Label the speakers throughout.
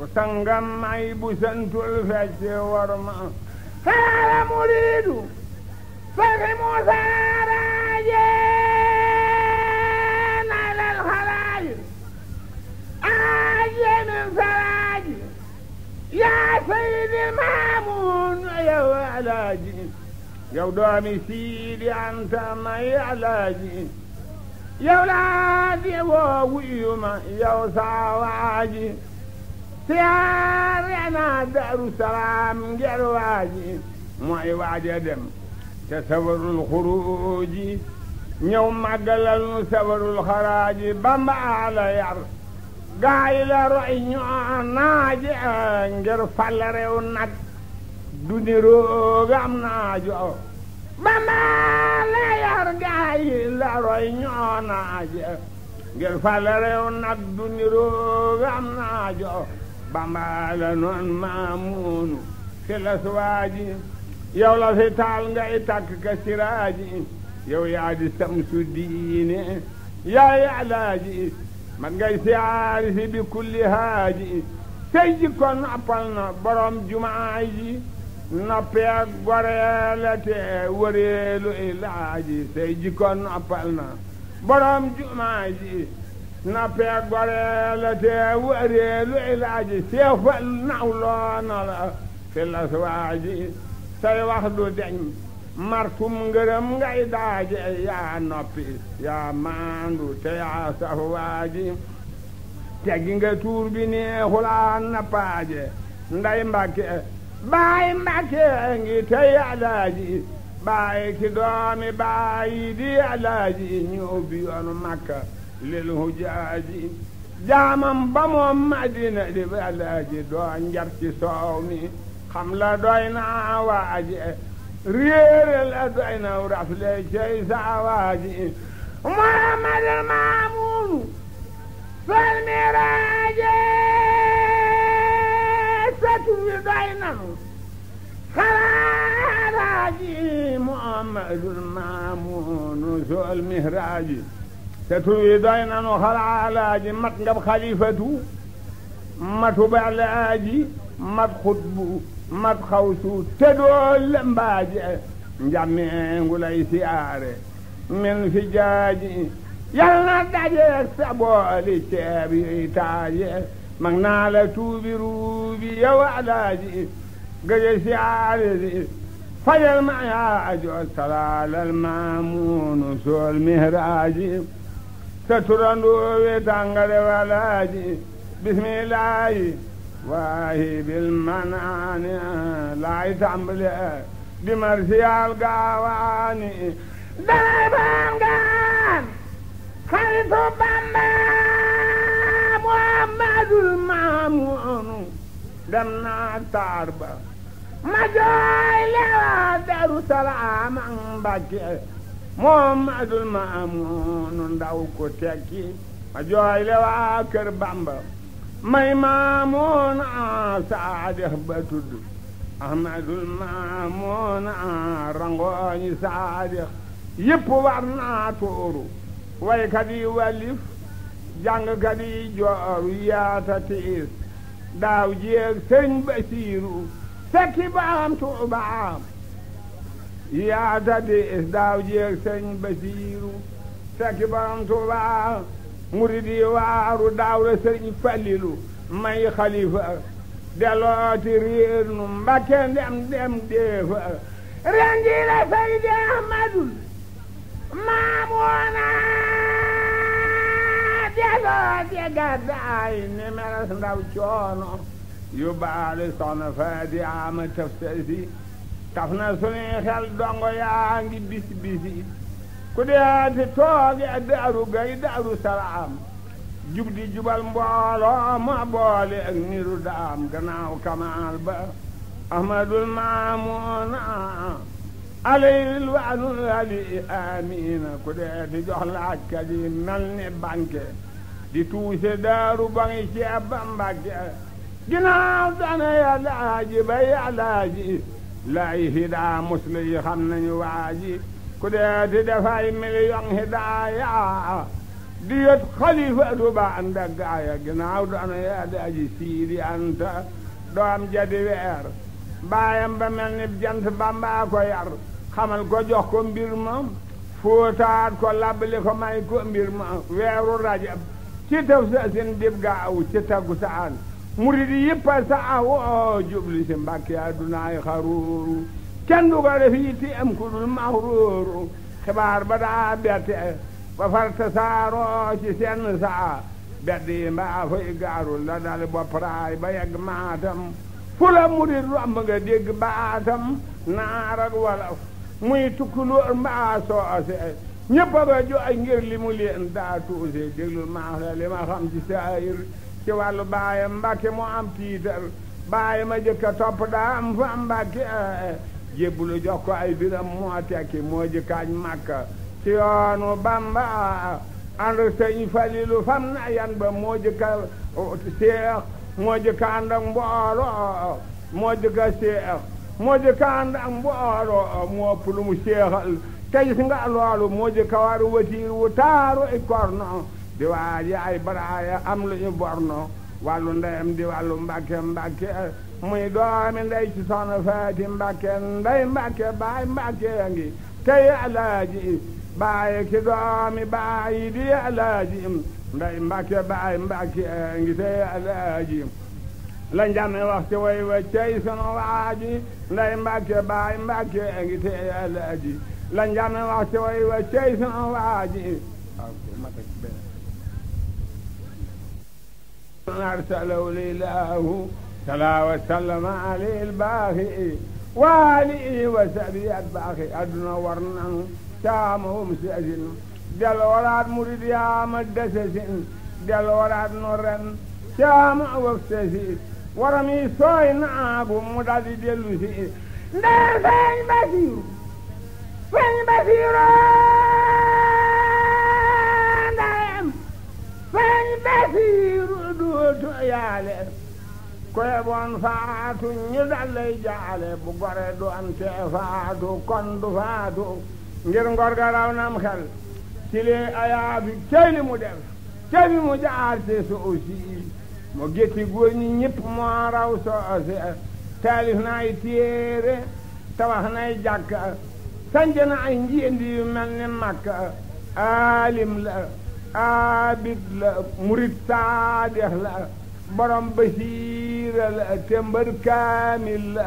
Speaker 1: ku sangam ay bu santul fecc war ma xaara muriidu
Speaker 2: fari mu saaraajeen alal xalaaji aaje min saraaji yaa sayidi maamun yow alaaji
Speaker 1: yow doomi siidi anta may alaaji yow laa di woo saawaaji siyaare ana daaru salaam waaji mooy waaja dem te sawarul xuruuji ñëw màggalal nu sawarul xaraaji bamba yar gaay la roy ñoo naaje ngir fal nag du roog am naajo bamba yar gaay la roy ñoo naaje ngir fal nag du roog am naajo bamba la noon maamuunu fi la suwaaji yow la fi taal ngay takk ka siraaji yow yaa di samsu diine yaa yaalaaji man ngay siyaari si bi kulli haaji sey jikko noppal na borom jumaa ji noppeeg goreela te wëreelu ilaaji sey jikko noppal na borom jumaa ji nappee goree la te waree lu ilaaji seex fal naw waaji say wax du deñ martum ngërëm ngay yaa noppi yaa maandu te yaa saf waaji tegi nga tuur bi neexulaa nappaaje nday mbakke baay mbakke ngi tey alaaji baay ki doomi baay di alaaji ñu ubbi makka lil hujaaji jaamam ba moom madina di balaaji doo njar ci soow mi xam la doy naa waaji réere la doy naw rafle cey saa waaji muhammadul
Speaker 2: maamuunu sol miraaje satu bi doy naw xalaaraaji
Speaker 1: muhammadul maamuunu sol miraaji te tur wi doy nanu xalaalaaji mat ngab xalifatu matu balaaji mat xutbu mat xawsu te dool mbaaji njameengu lay siyaare min fi jaaji yal na dajeeg sa booli ceeb yuy taaje mag naa tuubi ruubi yow alaaji gëje siyaare di fajal ma yaa ajo salaalal maamuunu sool mihraaji te turandoo wi tàngale walaaji bismillaahi waahi bil manaani laay tàmbale di
Speaker 2: marsiyaal gaawaani danay bangaan xaritu Bamba Muhammadul Maamunu dem naa taar ma jooy lewa daru
Speaker 1: salaam Mbàkke Muhammadul Maamun ndaw ko tekki ma jooyle waa kër Bamba may Maamun a saadix ba tudd Ahmadul Maamun a rangooñi saadix yëpp war naa tuuru waykat yi walif jàngkat yi jooru yaata tiis daaw jéeg sëñ Basiiru sekki baam tuubaam yaata di daaw jeeg sëñ Basiiru sakki borom Tuubaa murid yi waaru daaw la sëñ Falilu may xalifa delooti réer nu Mbàkke ndem dem deefa rendi la Seydi
Speaker 2: Ahmadul maamoona delooti gàddaay ni meres ndaw coono
Speaker 1: yu baale soxna Faati ama taf na sunuy xel dongo yaa ngi bis bisi ku deeti tooge daaru gay daaru salaam jub di jubal mbooloo ma ak niru daam gannaaw kamaal ba ahmadul maamuna alayil waanul ali amina ku deeti jox laajkat yi mel ni banque di tuuse daaru ba ceeb ba mbàkke ginnaaw dana ya laaji ba ya laaji lay hi daa muslu yi xam nañu waa ku deeti dafay miliyoŋ hi daa yaa di yot xalifa du ba anda gaaya ginnaaw doona yaa di aji siidi anta doom jadi weer baayam mel ni jant bambaa ko yar xamal ko jox ko mbir ma fóotaat ko labbali ko may ko mbir ma weeru rajab ci taf sa sin dib gaaw ci taggu sa an murid yëpp a sa awo jubli si mbàkke adunaay xaruuru kenn du ko def yitti am ku dul maxruuru xibaar ba daa bette ba far tasaaroo ci seen saa bedd yi mbaa fay gaarul la dal bopp raay ba yegg maatam fu la murid romb nga dégg baatam naar ak wolof muy tukkulóor mbaa soose ñëpp a ba jooy ngir li mu leen daa tuuse déglul maax li ma xam ci saayir ci wàllu baayam mbàkke moo am tiitar baayam a jëkka topp daa am fa am mbàkke eh, eh, jébbulu jox ko ay biram moo tekki moo jëkkaañ màkka ci yoonu bamba ànd sëñ falilu fam na yan ba moo jëkka seex moo jëkka ànd moo jëkka seex moo jëkka ànd moo ëpp lu mu seexal te gis nga loolu moo jëkka war watiir wu taaru i korno di waa yaay baraaya am lu ñu borno wàllu ndeyam di wàllu mbàkke mbàkke muy doomi ndey ci soxna faati mbàkke ndey mbàkke baay mbàkke a ngi tey alaaji baay ki doomi baay di alaaji ndey mbàkke baay mbàkke a ngi tey alaaji la njame wax ci way wa cey sunu waaji ndey mbàkke baay mbàkke a ngi tey alaaji la njame wax ci way wa cey sunu waaji أرسله الإله صلى وسلم عليه الباقي وآله وسبي الباقي أدنى ورنه سامهم سأزن del waraat murid yaa ma desesin del waraat no ren caama wëf sesi waram yi sooy naagu mu daldi dellu si ndee feeñ basiiru
Speaker 2: feeñ basiiru ndeyem feeñ dootu yaale
Speaker 1: koy boon faatu ñu dalay jaale bu gore du am te faatu kon faatu ngir ngor nam xel ci li ayaa bi cey mu def cey mu jaar ci mu gétti góor ñi ñëpp moo taalif nay téere tabax nay jàkka sanc na ay njiendi mel ni màkka alim la abid la murid saadex la borom basiira la tembar kaamil la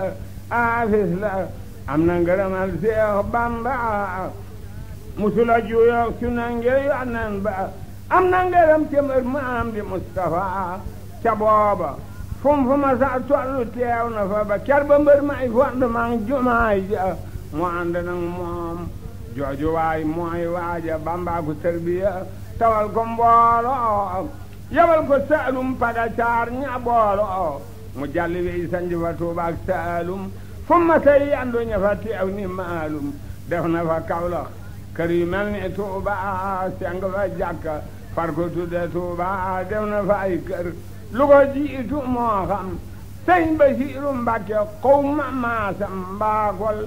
Speaker 1: aafis la am na ngërëmal Seex Bamba musula juyoog su nange yonan ba am na ngërëm tembar maam di Mustafa ca booba fum fu ma sa tollu teew na fa ba ker ba mbër may fond mang jumaay ja mu ànd nag moom jooju waay mooy waaja bambaaku tarbiya tawal ko mbooloo saalum pada caar ña booloo mu jalli wey sanji fa tuubaak saalum fumma sey yandu ña fa teew ni maalum def fa kawlax kër yu mel ni tuuba seng fa jàkka far tudde tuuba def fa ay kër lu jiitu moo xam sëñ Basiiru Mbàkke xaw ma maasam mbaagol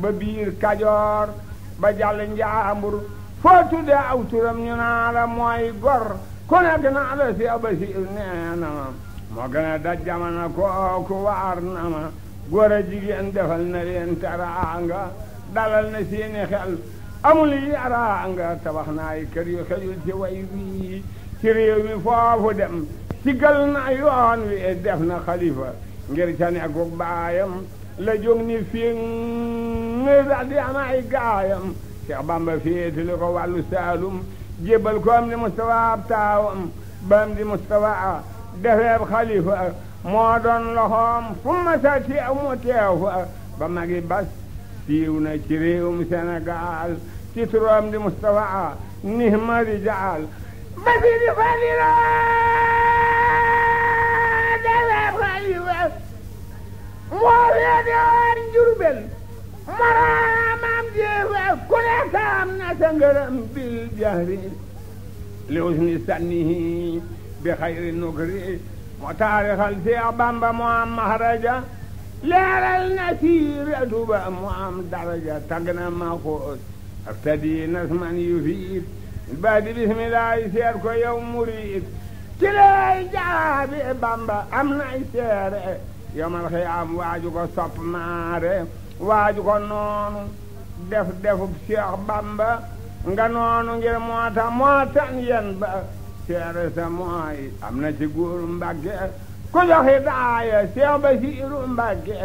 Speaker 1: ba biir Kajoor ba jàll njaambur foo tudde aw turam ñu naa mooy gor ku nekk naa la si abasir nee na ma moo gën a daj jamono kooku waar na ma góor jigéen defal na leen taraanga dalal na seeni xel amul yaraanga tabax na kër yu xejul ci way wii ci réew mi foofu dem ci gal na yoon wi def na xalifa ngir ca nekkuk baayam la jóg ni fiŋ nuy sax di am gaayam Cheikh Bamba féetali ko wàllu saalum jébbal koom di Moustapha ab taawam di Moustapha defeeb xalifa moo doon loxoom fu ma sa ti aw mu teew fa ba magi bas siiw na ci réewum Sénégal ci turam di Moustapha nihma rijaal
Speaker 2: ba si di falila defeeb xalifa
Speaker 1: moo féete woon
Speaker 2: Jurbel moroomam jéefal ku ne taam na sa bil jahri
Speaker 1: li usni sannihi bi xayri nukri mu taarixal Seex Bamba mu am maharaja leeral na siiratu ba mu am daraja tagg ma ko tadi nasman yu fiit ba di bismillaahi seet ko yow murit ci lay jaabi Bamba am nay seere yomal xiyaam waaju ko sopp maare waa ko noonu def defub Cheikh Bamba nga noonu ngir moo tax yen ba seere sa mooy am na ci góoru Mbàkke ku joxe daaya Cheikh Basiiru Mbàkke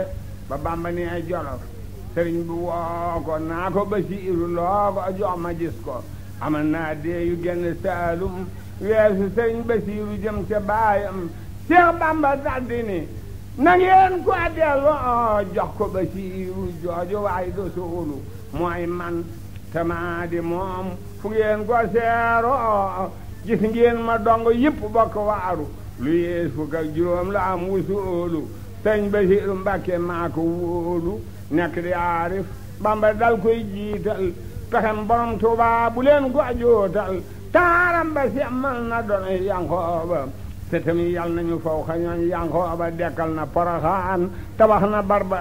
Speaker 1: ba Bamba nee Jolof sëriñ bu woo naa ko Basiiru loo ko jox ma gis ko amal naa dee yu genn Saalum weesu sëriñ Basiiru jëm ca baayam Cheikh Bamba daldi ni na ngeen ko delloo oh, jox ko ba jooju waay do soolu mooy man te moom fu ngeen ko seeroo oh, gis ngeen ma dong yëpp bokk waaru lu yees fukk ak juróom la am wusoolu sëñ Basiiru Mbàkke maa ko wóolu nekk di aarif Bamba dal koy jiital pexem borom Tuubaa bu leen ko jootal taaram ba semmal na doon yankooba te tamit yàlla nañu faw xa ñooñ dekkal na poroxaan tabax na barba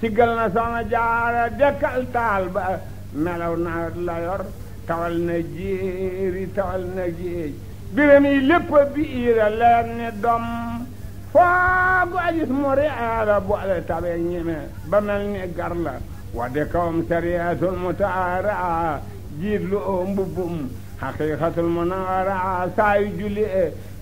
Speaker 1: siggal na soxna jaara dekkal taal ba melaw na la yor tawal na jéeri tawal na géej biram yi lépp bi leer ni dom foogu agis mu reera boole tabe ñeme ba mel ni gar la wadde kawam sariyatul mutaara jiit lu oo mbubbum haqiqatul munawara saa yu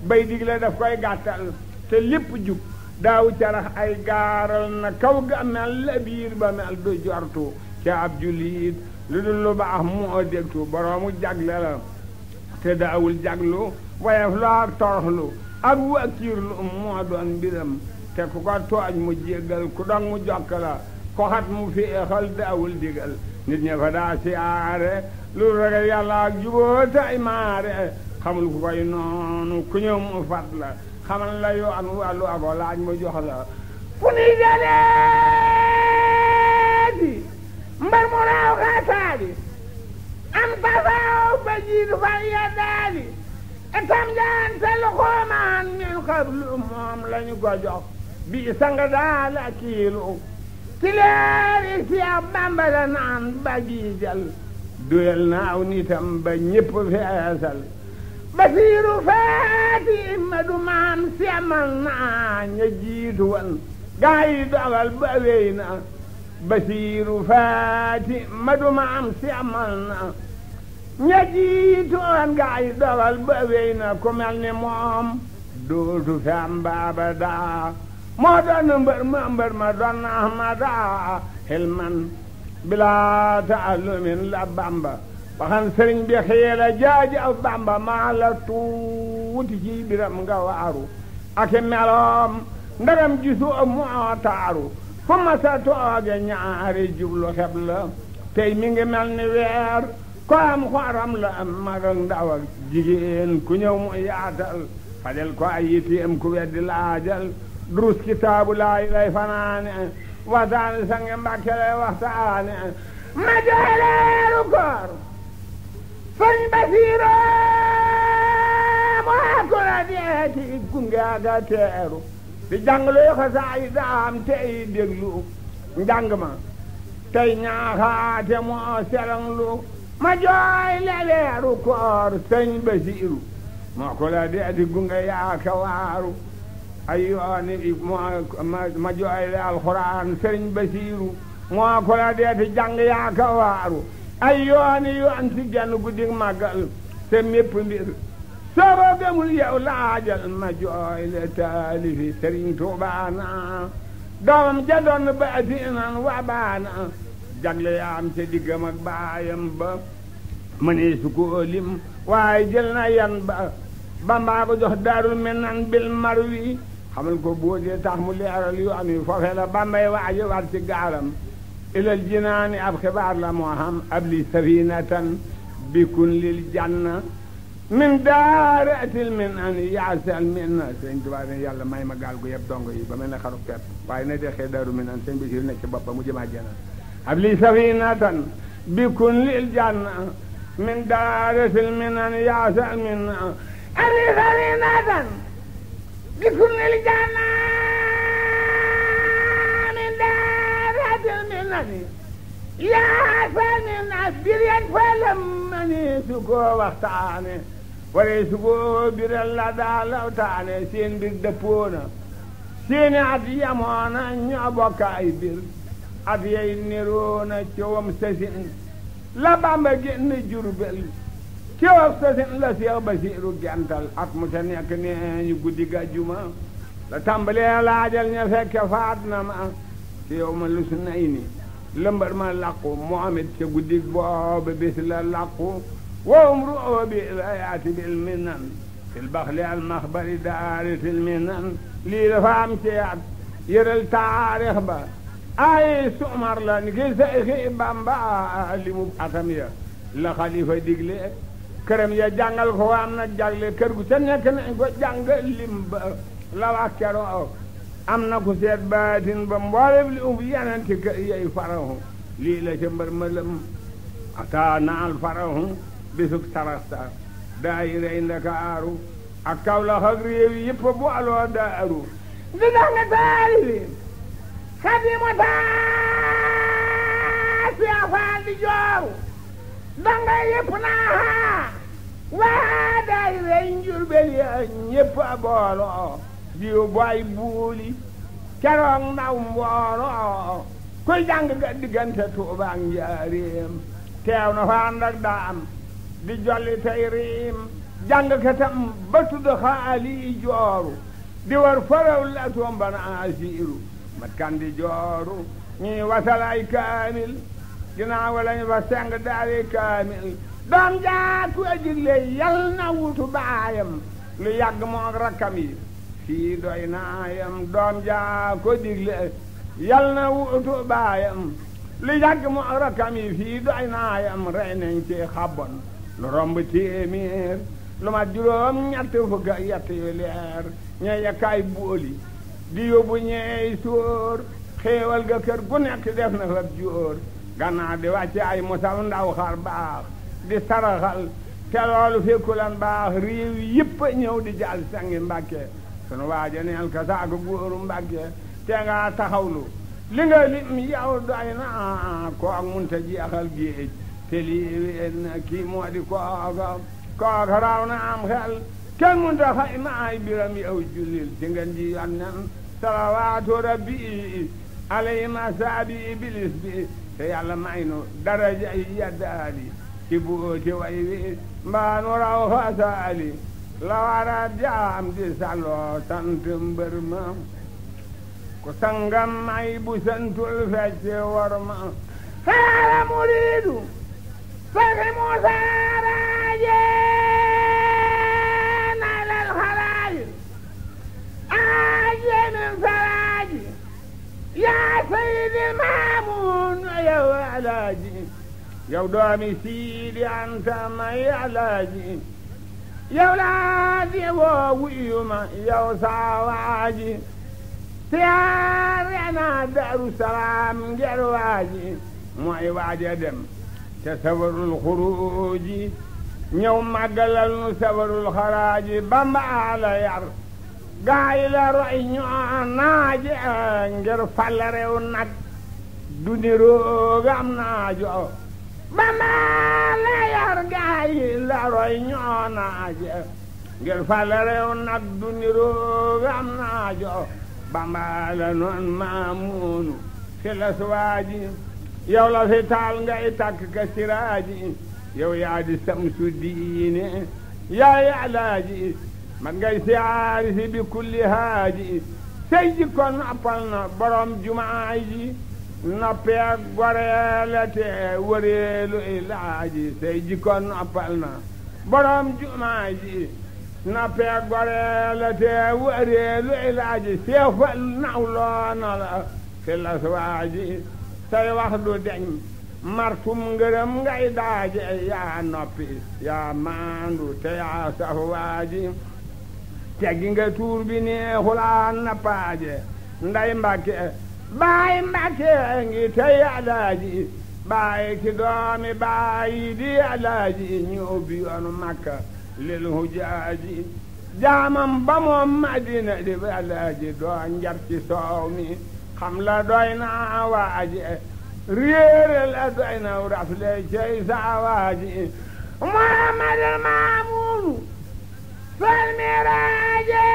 Speaker 1: bay digle daf koy gàttal te lépp jub daaw carax ay gaaral na kaw ga mel la biir ba mel du jortu ca ab jullit lu dul lu baax moo dégtu boroomu jagle la te daawul jaglu wayef la ak toroxlu ak wakiirlu um moo doon mbiram te ku ko tooñ mu jéggal ku dong mu jokk la ko xat mu féexal daawul digal nit ña fa daa siyaare lu ragal yàlla ak jubóo maare xamul ku koy noonu ku ñëw mu fat la la yoo am wàllu ako laaj mu jox
Speaker 2: la fu ni jaleedi mbar mu raaw xaasaali am tasaaw ba jiit far ya daali itam jaante lu xoomaan min xablu moom lañu ko jox
Speaker 1: bi daal ak kiilu si ab bambara naan ba jiijal duyal na aw nitam ba ñépp feesal
Speaker 2: basiiru faati ma du maam si amal naa
Speaker 1: wan gaa yi dogal ba wey basiiru faati ma du maam si amal naa wan gaa yi dogal ba wey ku mel ni moom dootu fi am baaba daa moo doon mbër ma mbër ma doon na ma daa xel man bilaa taalumin la bamba waxan sëriñ bi xiyela jaaji ak bàmba maa tuuti ci biram nga waaru ak meloom ndagam gisu mu taaru fu ma sa tooge ñaari jublu xeb tey mi mel ni weer ko am la am mag ak ndaw jigéen ku ñëw mu yaatal fajal ko ay yitteem ku weddi laajal durus kitaabu laay lay fanaane waxtaane sange mbàkke lay waxtaane
Speaker 2: ma jooy koor sëñ Basiira moo ko la deeti gunge aga teeru di jàngloo
Speaker 1: xasaay daam tey déglu njàng ma tey ñaaxaate moo selanglu ma jooy leleeru koor sëñ Basiiru moo ko la deeti gunge yaa ka waaru ay yooni ma jooy le alxuraan sëñ Basiiru moo ko la deeti jàng yaa ka waaru ay yoon si genn guddi màggal te mépp mbir soo gëmul yow laajal ma jooy taalifi Sëriñ Tuubaa na doomam ja doon ba asiinan wa baana jagle yaa am ca diggam ak baayam ba mënee su ko waaye jël na yan ba bambaa ko jox daarul menan bil marwi xamal ko boo tax mu leeral yu am yi foofee la bambay waaje war ci gaaram ilal jinaani ab xibaar la moo xam ab li safinatan bikun lil janna min daaratil min an yaasal min na sëñ Tuubaa ne yàlla may ma gaal gu yëpp dongo yi ba mel ne xaru pet waaye na dexee daaru min an sëñ Basiir nekk ci bopp ba mu jëm àjjana ab li safinatan bikun lil janna min daaratil min an yaasal min na
Speaker 2: ab li safinatan bikun lil janna nani yaa saani naas bireen falamani su waxtaane wala
Speaker 1: su ko biral la daa lawtaane seen mbir dëppoona seeni at yamoona ñoo bokk ay bir at yay niroona cowam sasin la Bàmba génn Jurbel cowam sasin la Seex Basiiru gental at mu ca nekk nee ñu guddi la tàmbalee laajal ña fekke faat na ma ci yow ma lu su lëmbar ma làqu Muhammad ca guddi booba bis la làqu wowum ru'oo bi ayaati bil minan fil baxli al maxbari daari fil minan lii dafa am ci at yëral taarix ba ay sumar la ni ki Seexi Bamba li mu atam ya la xalifa digle këram ya jàngal ko am na jagle kër gu ca nekk nañ ko jàng lim la wax keroog am na ku seet baatin ba mboolem li ub yananti ka farahu lii la ca mbër mëlëm ataa naal farahu bisuk sarasta daa yi rey ndakaaru ak Kawlax ak réew yi yëpp bu aloo daa aru
Speaker 2: di dox nga taali li xadimu taas yaa faal di jooru danga naa haa waa daa
Speaker 1: yi njur bel ya ñëpp a booloo diw booy buuli keroog ndaw mbooro kuy jàng ga diggante Tuuba ak Njaaréem teew na fa ànd daam di jolli riim jàng katam ba tudd xaali jooru di war faraw la tomba na asiiru mat kan di jooru ñuy wasal ay kaamil ginnaaw lañu fa seng daari kaamil doom jaa ku a jigle yal na wutu baayam lu yàgg moog rakkam yi kii doy naayam doom jaa ko digle yal na wuutu baayam li yàgg mu rakam yi fii doy naayam rey nañ ci lu romb téeméer lu ma juróom ñett fukk ak yu leer ñee yakkaay booli di yóbbu ñeey sóor xéewal ga kër gu def na fab jóor gannaaw di wàcce ay musaf ndaw xar baax di saraxal te loolu fekkulan baax réew yëpp ñëw di jal sangi mbàkke sunu waaja neel ka saagu buuru Mbàkke te taxawlu li nga lim yow doy na ko ak munta jeexal géej te lii kii moo di kooka kooka raw na am xel kenn munta xayma ay biram yow jullil ci ngeen ji yonnen salawaatu rabbi alayhi masaabi bilis bi te yàlla may nu daraja yi yaddaali ci buuti way wi mbaa nu raw xaasaali la wara jaam di saloo sant mbër ma ku sangam may bu santul fecc war ma xaala muriidu
Speaker 2: faxi musaaraaje naylal xalaaji aaje min saraaji yaa sayidi maamun yow
Speaker 1: alaaji yow doomi siidi anta may alaaji yow laa di woo wuyu ma yow saa waaji
Speaker 2: naa Daaru Salaam waaji
Speaker 1: mooy waaja dem te sawarul xuruuji ñëw màggalal nu sawarul xaraaji Bamba la yar gaa yi la roy ñu fal rew nag du ni am naajo ba
Speaker 2: maa la
Speaker 1: yar gaa yi la roy ñoo naaje ngir fa la réew nag du niroog am naajo ba maa la noon maamuunu fi la suwaaji yow la fi taal ngay takk ka siraaji yow yaa di samsu diine yaa yi alaaji man ngay siyaari si bi kulli haaji sey ji kon appal na borom jumaa ji noppi ak te wëreelu ilaaji say jikko noppal na borom jumaa ji noppi te wëreelu ilaaji seefal nawloona la fi las waa wax du deñ martum ngërëm ngay yaa noppi yaa maandu te yaa saf waa ji teggi nga tuur bi neexulaa na paaje nday mbàkke baay Mbàkke ngi tey alaaji baay ki doomi baay di alaaji ñu ubbi yoonu Makka lil hujaaji jaamam ba moom Madina di alaaji doo njar ci soow mi la doy na waaji réere la doy na rafle cey saa waaji Muhammad al Maamun
Speaker 2: fal miraaje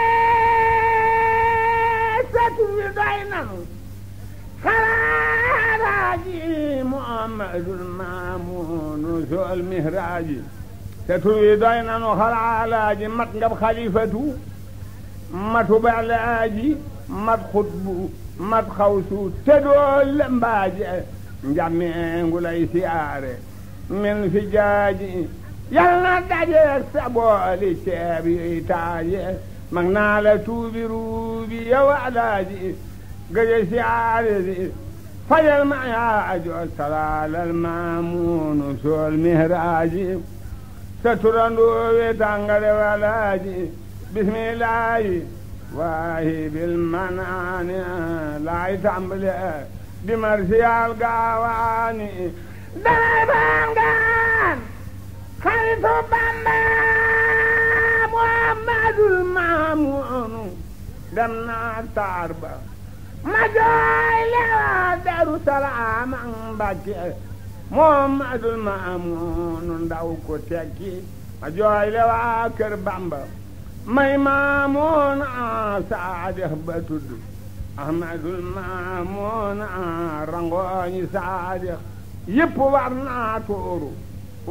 Speaker 2: satu bi doy nanu faraaji muhammadul
Speaker 1: maamun sol mihraaji te tur wi doy nanu xalaalaaji mat ngab xalifatu matu balaaji mat xutbu mat xawsu te doo lembaaji njameengu lay siyaare min fi jaaji yal na dajeeg sa booli ceeb yuy taaje mag naa la tuubi ruubi yow alaaji gëjë siyaare di fajal ma yaa ajoor salaalal maamuunu sool mihraaji sa turandoo we tàngale walaaji bismillaahi waahi bil manaani laay tàmbale di marsiyaal gaawaani danay
Speaker 2: bangaan xaritu Bamba Muhammadul maamuunu dem naa taar ma jooy lewa daru salaam Mbàkke moom
Speaker 1: adul ma amoon ndaw ko tekki ma jooy lewa kër Bamba may maamoon a saadix ba tudd ahmadul maamoon a rangooñi saadix yëpp war naa tuuru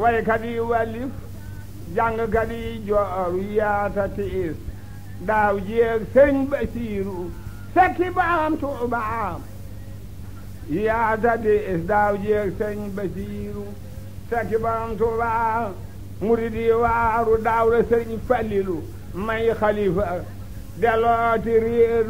Speaker 1: waykat yi walif jàngkat yi jooru yaata tiis daaw jéeg sëñ Basiiru fekki baam
Speaker 2: tuubaam
Speaker 1: yaa taddi is daaw jeeg basiiru fekki baam tuubaam murid yi waaru daaw la sëñ falilu may xalifa delooti réer